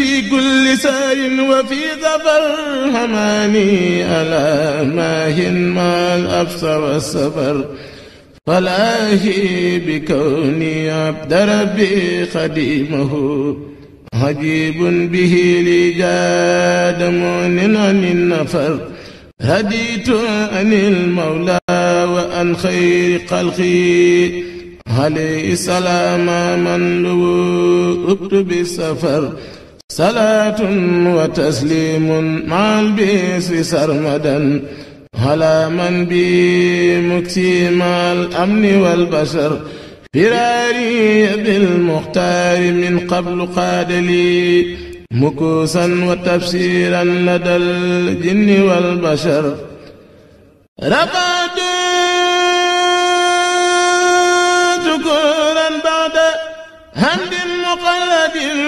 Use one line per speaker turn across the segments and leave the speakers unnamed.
في كل سير وفي ظفر هماني ألا ماهن ما الأبصر والسفر فلاهي بكوني عبد ربي خديمه عجيب به لي جاد مؤمن عن النفر هديت عن المولى وعن خير خلقي عليه السلام من لو اكتب السفر salaatu wa tasliim maal bis wi sarmadan ala man bi muksimaal amni wal bashar firaari bil muxtaari min qablu qaadali mukuusan wa tafsiiran ladal jinni wal bashar rabaatu kuran baada hamdin muqalladin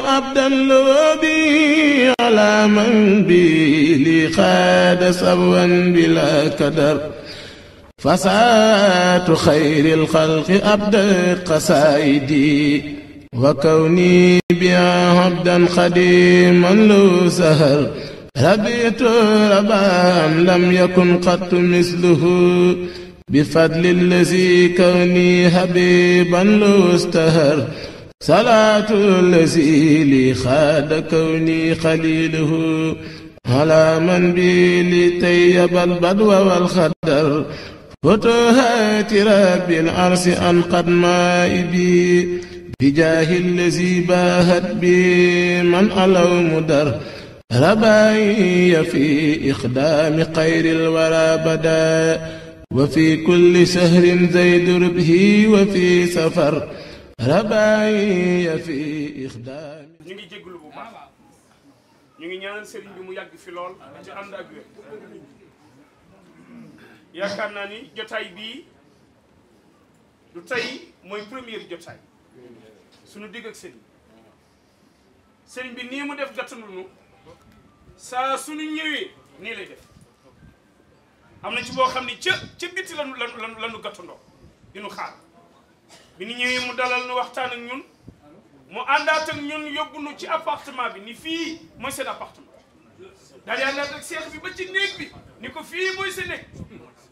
أبدا لو بي على من بي لي خاد سبوا بلا كدر فساة خير الخلق أبدا قصائدي وكوني بها عبدا خديما لو سهر ربيت ربا لم يكن قط مثله بفضل الذي كوني حبيبا لو استهر salaatu lazi li xaada kawni xaliluhu ala man bi li tayyabal badwa wal xadar fotohaati rabbil arsi an qad maa'ibi bijaahi lazi baahat bi man alaw mudar rabaa'iya fi ixdaami xayril wara badaa wa fi kulli sahrin zaydu rubhi wa fi safar rabaaya fi ixdaam ñu ngi jégalu bu baax
ñu ngi ñaanal sëriñ bi mu yàgg fi lool ci ànd ak wér yaakaar naa ni jotaay bii du tey mooy première jotaay suñu digg ak sëriñ sëriñ bi nii mu def gàttalunu saa suñu ñëwee nii lay def am na ci boo xam ne ca ca bitti lanu lanu lanu gàttandoo di nu bi ñu ñëwee mu dalal nu waxtaan ak ñun mu àndaat ñun yóbbu nu ci appartement bi ni fii mooy seen appartement daal di àndaat ak seex bi ba ci néeg bi ni ko fii mooy sa néeg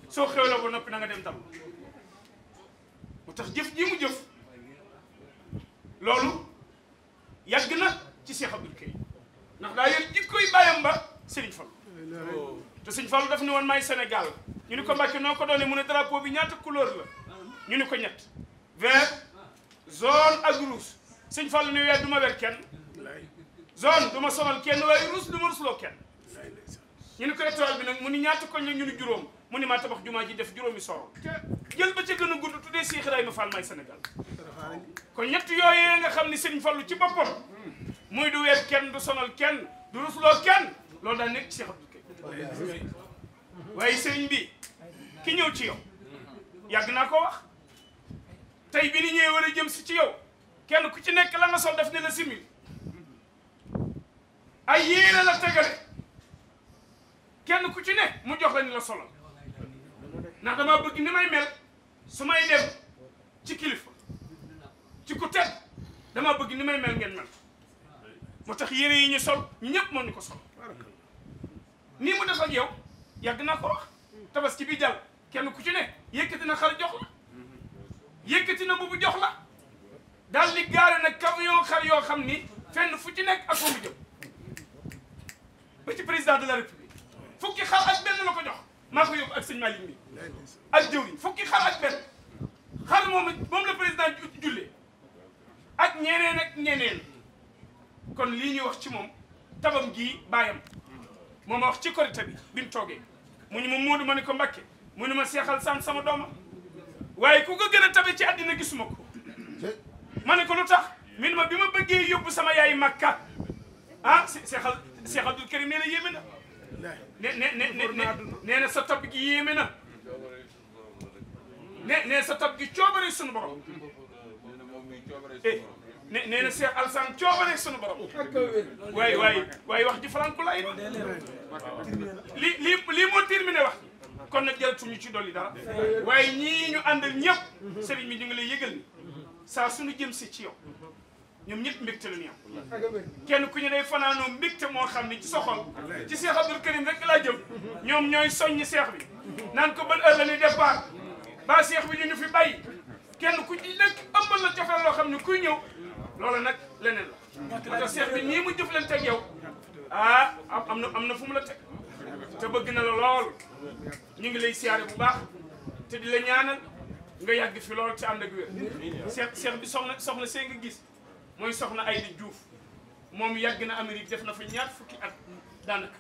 soo xewloo ba noppi na nga dem dal mu tax jëf ji mu jëf loolu yàgg na ci Cheikh Abdoul Karim ndax daa yor jikkoy bàyyam ba Serigne Fall te Serigne Fall daf ni woon maay Sénégal ñu ni ko Mbàkke noo ko doone mu ne drapeau bi ñaata couleur la ñu ni ko ñett vert zone ak rouge sëñ Fall ne weer du ma weer kenn zone du sonal kenn waaye rouge du ma rusloo kenn ñu ni ko électoral bi nag mu ni ñaata koñ la ñu ni juróom mu ni maa tabax jumaa ji def juróomi soro jël ba ca gën a tu dee Cheikh Ibrahima Fall may senegal kon ñett yooyee nga xam ni sëñ Fallu ci boppam muy du weer kenn du sonal kenn du rusloo kenn lool daa nekk Cheikh Abdou Kaye waaye sëñ bi ki ñëw ci yow yàgg naa ko wax tey bi ni ñëwee war a jëm si ci yow kenn ku ci nekk la nga sol def ne la simil ay yéene la tegale kenn ku ci ne mu jox la ni la solal ndax damaa bëgg ni may mel su may dem ci kilifa ci ku tedd damaa bëgg ni may mel ngeen mel moo tax yére yi ñu sol ñu ñëpp mën ni ko sol nii mu def ak yow yàgg naa ko wax tabaski bi jàll kenn ku ci ne yëkkati dina xar jox yëkkati na bu jox la daal di gaare nag camion xar yoo xam ni fenn fu ci nekk ak fa mu jëm ba ci président de la république fukki xar ak benn la ko jox maa ko yóbbu ak sëñ Malick mi ak jëw yi fukki xar ak benn xar moom moom la président jullee ak ñeneen ak ñeneen kon li ñuy wax ci moom tabam gii bàyyam moom a wax ci korite bi bi mu toogee mu ñu ma Moodu ma ne ko Mbàkke mu ñu ma seexal san sama doomam waaye ku ko gën a tabe ci àddina gisuma ko ma ne ko lu tax min ma bi ma bëggee yóbbu sama yaay makka ah seexal seex abdul karim nee na yéeme na ne nee na sa tab gi yéeme na ne sa tab gi coobare sunu borom eh, ne nee na Cheikh Alassane coobare sunu waay waay waay wax ji faranku lay li li lii moo terminé wax kon nag jël tuñu ci dolli dara waaye ñii ñu àndal ñëpp sëriñ bi ñu ngi lay yëgal ni saa suñu jëm si ci yow ñoom ñëpp mbégte la ñu kenn ku ñu day fanaanoo mbégte moo xam ne ci soxol ci Cheikh Abdoul Karim rek laa jëm ñoom ñooy soññi seex bi naan ko ban de la ñuy seex bi ñu ñu fi bàyyi kenn ku ci nekk ëmbal la cofeel loo xam ne kuy ñëw loolu nag leneen la moo tax Cheikh bi nii mu jëflante ak yow ah am na am na fu mu la teg te bëgg na la lool ñu ngi lay siyaare bu baax te di la ñaanal nga yàgg fi lool ci ànd ak wér seex seex bi soxna soxna see nga gis mooy soxna Aydi juuf moom yàgg na Amérique def na fa ñaat fukki at daanaka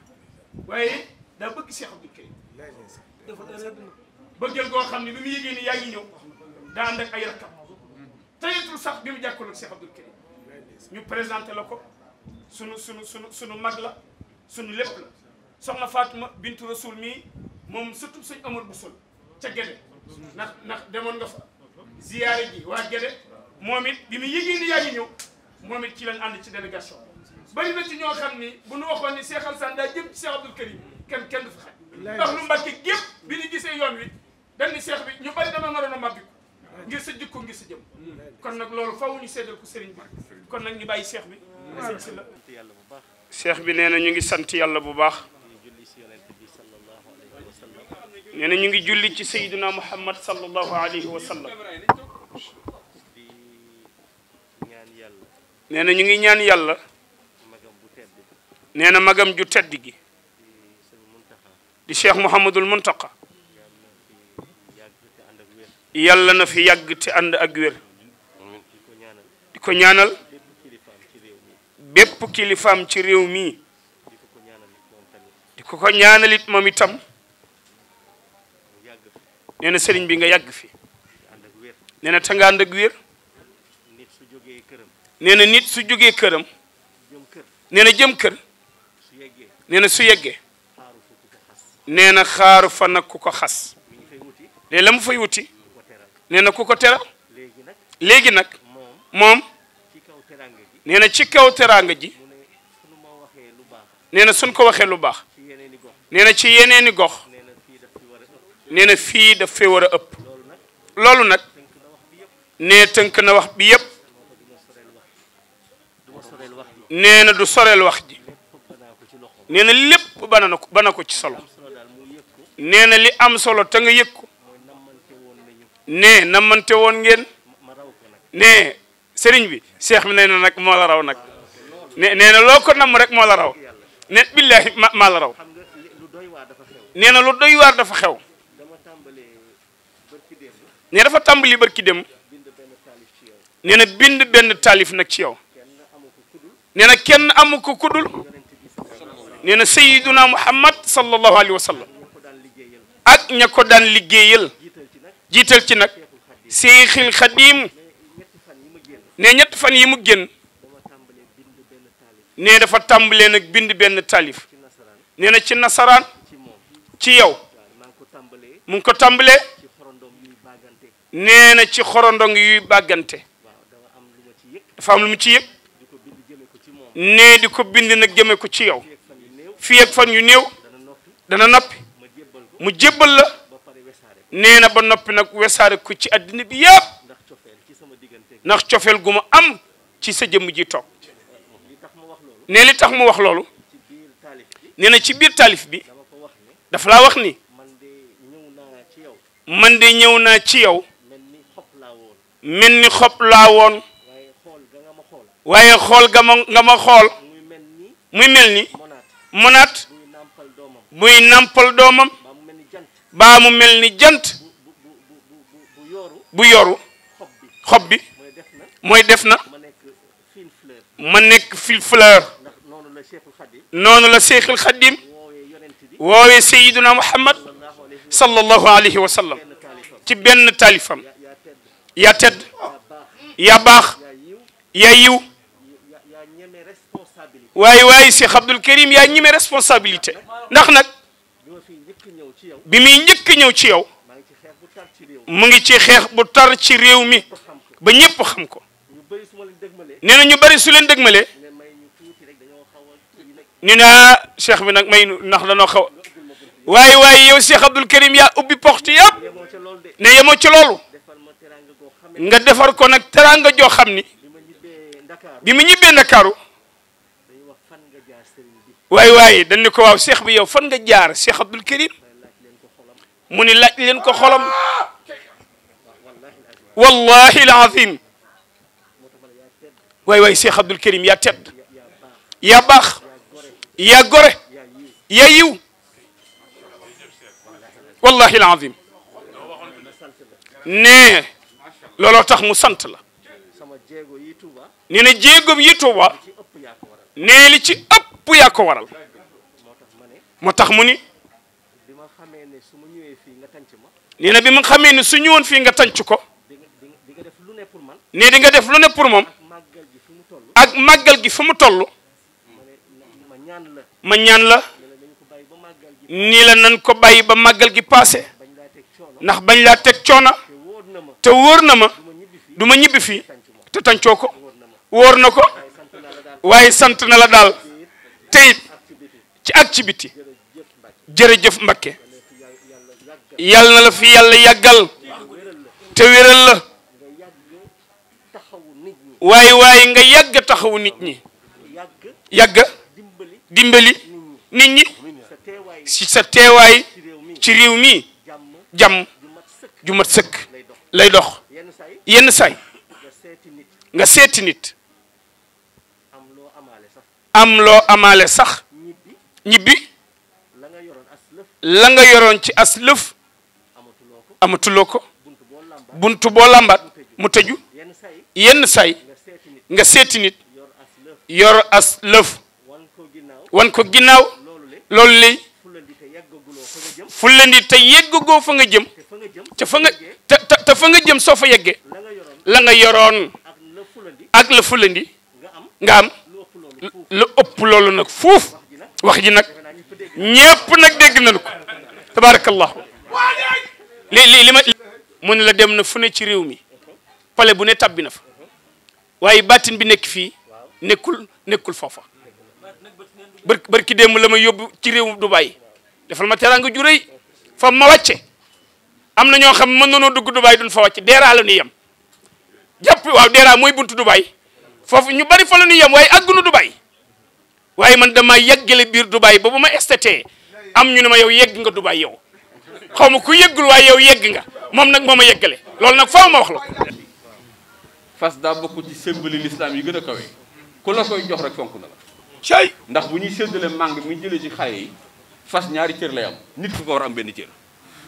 waaye daa bëgg seex bi kay bëggeel goo xam ne bi mu yégée ni yaa ngi ñëw daa ànd ak ay sax bi mu jàkkaloo Cheikh Abdoul Karim ñu présenté la ko sunu sunu sunu sunu mag la sunu lépp la soxna Fatima bintu Rasul mii moom sañ sëñ Amar sol ca Gédé ndax ndax demoon nga fa ziyaare ji waa Gédé moom it bi mu yëgee ni yaa ngi ñëw moom it ci lañ ànd ci délégation bari na ci ñoo xam ni bu nu waxoon ni Cheikh Alassane daa jëm ci kenn kenn du fa bi gisee yoon wi dañ ni bi ñu bari dama naroon a màbbiku ngir sa jikko ngir sa jëm kon nag loolu faw ñu seddal ku sëriñ bi kon nag ñu bàyyi Cheikh bi sëñ si la Cheikh bi nee na ñu ngi sant yàlla bu baax nee na ñu ngi julli ci sayyiduna muhammad sallallahu alayhi wa sallam nee na ñu ngi ñaan yàlla nee na magam ju tedd gi di cheikh mouhamadul muntaqa yàlla na fi yàgg te ànd ak wér di ko ñaanal bépp kilifaam ci réew mi di ko ko ñaanalit moom itam nee na sëriñ bi nga yàgg fi nee na te nga ànd ak wér nee na nit su jógee këram nee na jëm kër nee na su yeggee nee na xaaru fa nag ku ko xas léegi la mu fay wuti nee na ku ko teral léegi nag moom nee na ci kaw teraanga ji nee na suñ ko waxee lu baax nee na ci yeneeni gox nee na fii daf fee war a ëpp loolu nag nee tënk na wax bi yépp nee na du soreel wax ji nee na lépp bana na ko bana ko ci solo nee na li am solo te nga yëg ko nee namante woon ngeen nee sëriñ bi seex mi nee na nag moo la raw nag ne nee na loo ko namm rek moo la raw ne billaahi ma maa la raw nee na lu doy waar dafa xew ne dafa tàmbali barki dem nee bind benn taalif nag ci yow nee na kenn amu ko kudul nee na sayiduna muhammad sallallahu alayhi wa sallam ak ña ko daan liggéeyal jiital ci nag seexil xadim ne ñett fan yi mu génn ne dafa tàmbalee nag bind benn taalif nee na ci nasaraan ci yow mu ko tàmbalee nee na ci xorondong yuy bàggante dafa am lu mu ci yëg nee di ko bind nag jëme ko ci yow fii ak fan yu néew dana noppi mu jébbal la nee na ba noppi nag wesaare ko ci àddina bi yëpp ndax cofeel gu ma am ci sa jëmm ji toog nee li tax mu wax loolu nee na ci biir taalif bi dafa laa wax ni man de ñëw naa ci yow mel ni xob laa woon waaye xool ga ma nga ma xool muy mel ni monaat buy nàmpal doomam baa mu mel ni jant bu yoru xob bi mooy def na ma nekk fil fleur noonu la Seexul Xadim woowee Seydina Muhammad sallallahu alayhi wa sallam ci benn taalifam yaa tedd yaa baax yaa yiw waaye waaye Cheikh Abdoul Karim yaa ñime responsabilité ndax nag bi muy njëkk ñëw ci yow mu ngi ci xeex bu tar ci réew mi ba ñëpp xam ko nee na ñu bari su leen dëgmalee ñu ne ah cheikh bi nag may ndax danoo xaw waaye waaye yow Cheikh Abdoul Karim yaa ubbi porte yëpp ne yemoo ci loolu nga defar ko nag teraanga joo xam ni bi mu ñibbee ndakaaru waaye waaye dañ ne ko waaw seex bi yow fan nga jaar seex Abdul Karim mu ni laaj leen ko xolam wallahi alazim waay waay seex Abdul ya yaa tedd yaa baax yaa gore yaa yiw wallahi alazim nee looloo tax mu sant la nee na jéegoom yi Tuuba nee li ci ëpp yaa ko waral moo tax mu ni nee na bi ma xamee ne su ñëwoon fii nga tànc ko nee di nga def lu ne pour moom ak màggal gi fu mu toll ma ñaan la ni la nan ko bàyyi ba màggal gi paase ndax bañ laa teg coona te wóor na ma du ma ñibbi fii te tancoo ko wóor na ko waaye sant na la daal te ci ak ci biti jërëjëf Mbakke yàlla na la fi yàlla yàggal te wéral la waaye waaye nga yàgg taxawu nit ñi yàgg dimbali nit ñi si sa teewaay ci réew mi jàmm ju mat sëkk lay dox yenn say nga seeti nit am loo amaale sax ñibbi la nga yoroon ci as lëf amatuloo ko bunt boo làmbaat mu tëju yenn say nga seetinit nit yor as lëf wan ko ginnaaw loolu lay fullandi te yeggagoo fa nga jëm te fa nga te te fa jëm soo fa yeggee la nga yoroon ak la fulandi nga am lu ëpp loolu nag fuuf wax ji nag ñépp nag dégg nañu ko tabaarakallahu li li li ma mun la dem na fu ne ci réew mi pale bu ne tabbi na fa waaye baatin bi nekk fii nekkul nekkul foofa bër bërki démb la ma yóbbu ci réew Dubaay defal ma teraanga ju fa ma wàcce am na ñoo xam mën nañoo dugg Dubaay duñ fa wàcc deeraa la ñuy yem jàpp waaw deeraa mooy buntu Dubaay foofu ñu bari fa la ñuy yem waaye àggunu Dubaay waaye man damaa yàggale biir Dubaay ba bu ma estetee am ñu ne ma yow yegg nga Dubaay yow xaw ma ku yeggul waaye yow yegg nga moom nag moo ma yeggale loolu nag faaw ma wax la fas
daa bokk ci li l'islam yi gën a kawee ku la koy jox rek fonk na la cay ndax bu ñuy séddale màng mi jëlee ci xaye yi fas ñaari cër lay am nit ku ko war benn cër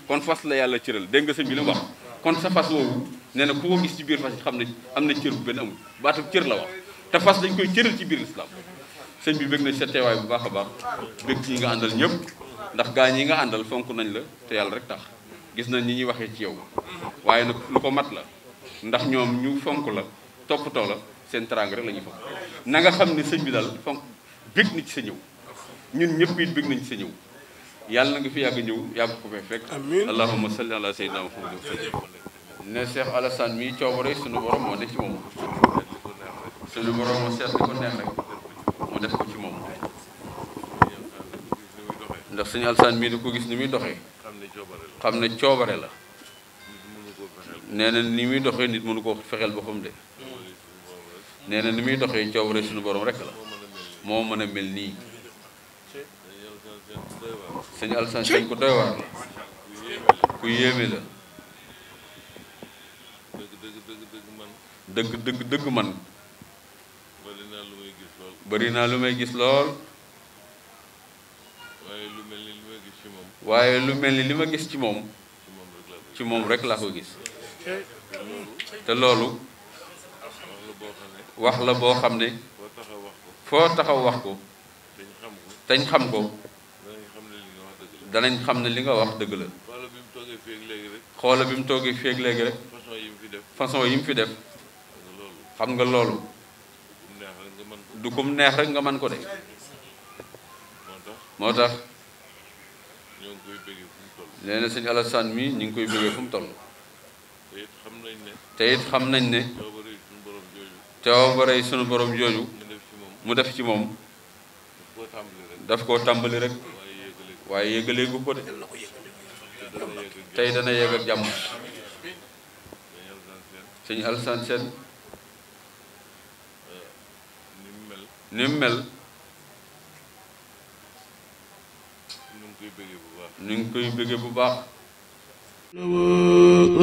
kon fas la yàlla cëral dégg nga sëñ bi li mu wax kon sa fas woowu nee na ku ko gis ci biir fas it xam ne am na cër bu benn amul baatu cër la wax te fas dañ koy cëral ci biir lislaam sëñ bi bëgg na sa teewaay bu baax a baax bëgg ci ñi nga àndal ñëpp ndax gaa ñi nga àndal fonk nañ la te yàlla rek tax gis nañ ñi ñuy waxee ci yow waaye nag lu ko mat la ndax ñoom ñu fonk la toppatoo la seen teraanga rek la ñuy fonk na nga xam ne sëñ bi daal fonk bëgg na ci sa ñëw ñun ñëpp it bëgg nañ sa ñëw yàlla na nga fi yàgg ñëw yàgg ko fay fekk allahumma salli ala sayyidina muhammad ne Cheikh Alassane mii coobare sunu borom moo ne ci moom sunu borom moo seet di ko neex rek mu def ko ci moom ndax sëñ Alassane mii di ko gis ni muy doxee xam ne coobare la nee na ni muy doxee nit mënu ko fexeel boppam de nee na ni muy doxee coobare suñu borom rek la moo mën a mel nii sëñ Alassane sëñ ku doy waar la ku yéeme la dëgg dëgg dëgg man dëgg dëgg dëgg man bari naa lu may gis lool lu waaye lu mel ni li ma gis ci moom waaye lu mel ni li ma gis ci moom ci moom rek laa ko gis te loolu wax la boo xam ne foo taxaw wax ko tañ xam ko danañ xam ne li nga wax dëgg la. xoola bi mu toogee fii ak léegi rek. bi mu toogee fii léegi rek. façon yi mu fi def façon yi mu fi def. xam nga loolu. du kum neex rek nga man ko de. moo tax. nee na sëñ Alassane mi ñu ngi koy bëggee fu mu toll. te it xam nañ ne. coobare sunu borom jooju. mu def ci moom. daf koo tàmbali rek. waaye yëgaleegu ko de tey dana yëg jàmm sëñ Alassane Sène ni mel ñu ngi koy bëgge bu baax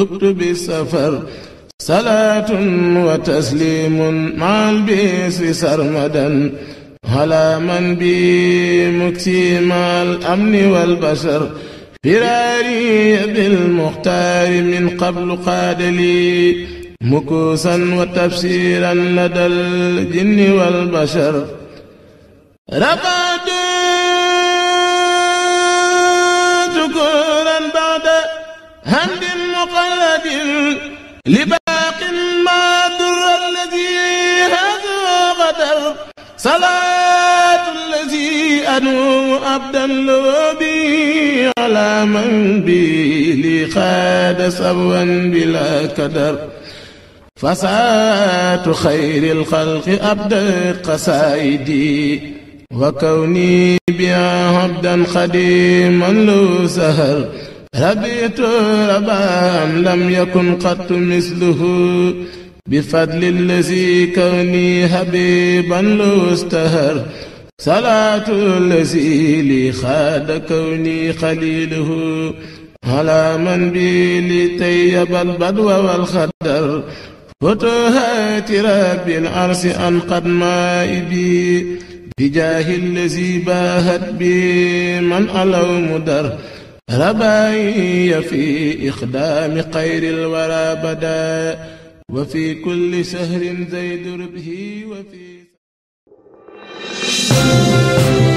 uktubi safar salaatun wa taslimun maal bi si sarmadan هلا من بي مكسيم الأمن والبشر فراري بالمختار من قبل قاد لي مكوسا وتفسيرا لدى الجن والبشر رقد شكورا بعد هند مقلد لباق salaatu lazi anumu abdan lobi ala man bi li xaada sabwan bila kadar fasaatu xayril xalqi abda qasaayidi wa kawni bi abdan xadiman lu sahar rabitu rabaan lam yakun qattu misluhu بفضل الذي كوني حبيبا لو استهر صلاة الذي لي خاد كوني خليله على من بي لطيب البدو والخدر فتوهات رب العرس أن قد مائبي بجاه الذي باهت بي من ألو مدر رباي في إخدام خير الورى بدأ wa fi kulli shahrin zayd rubhi wa fi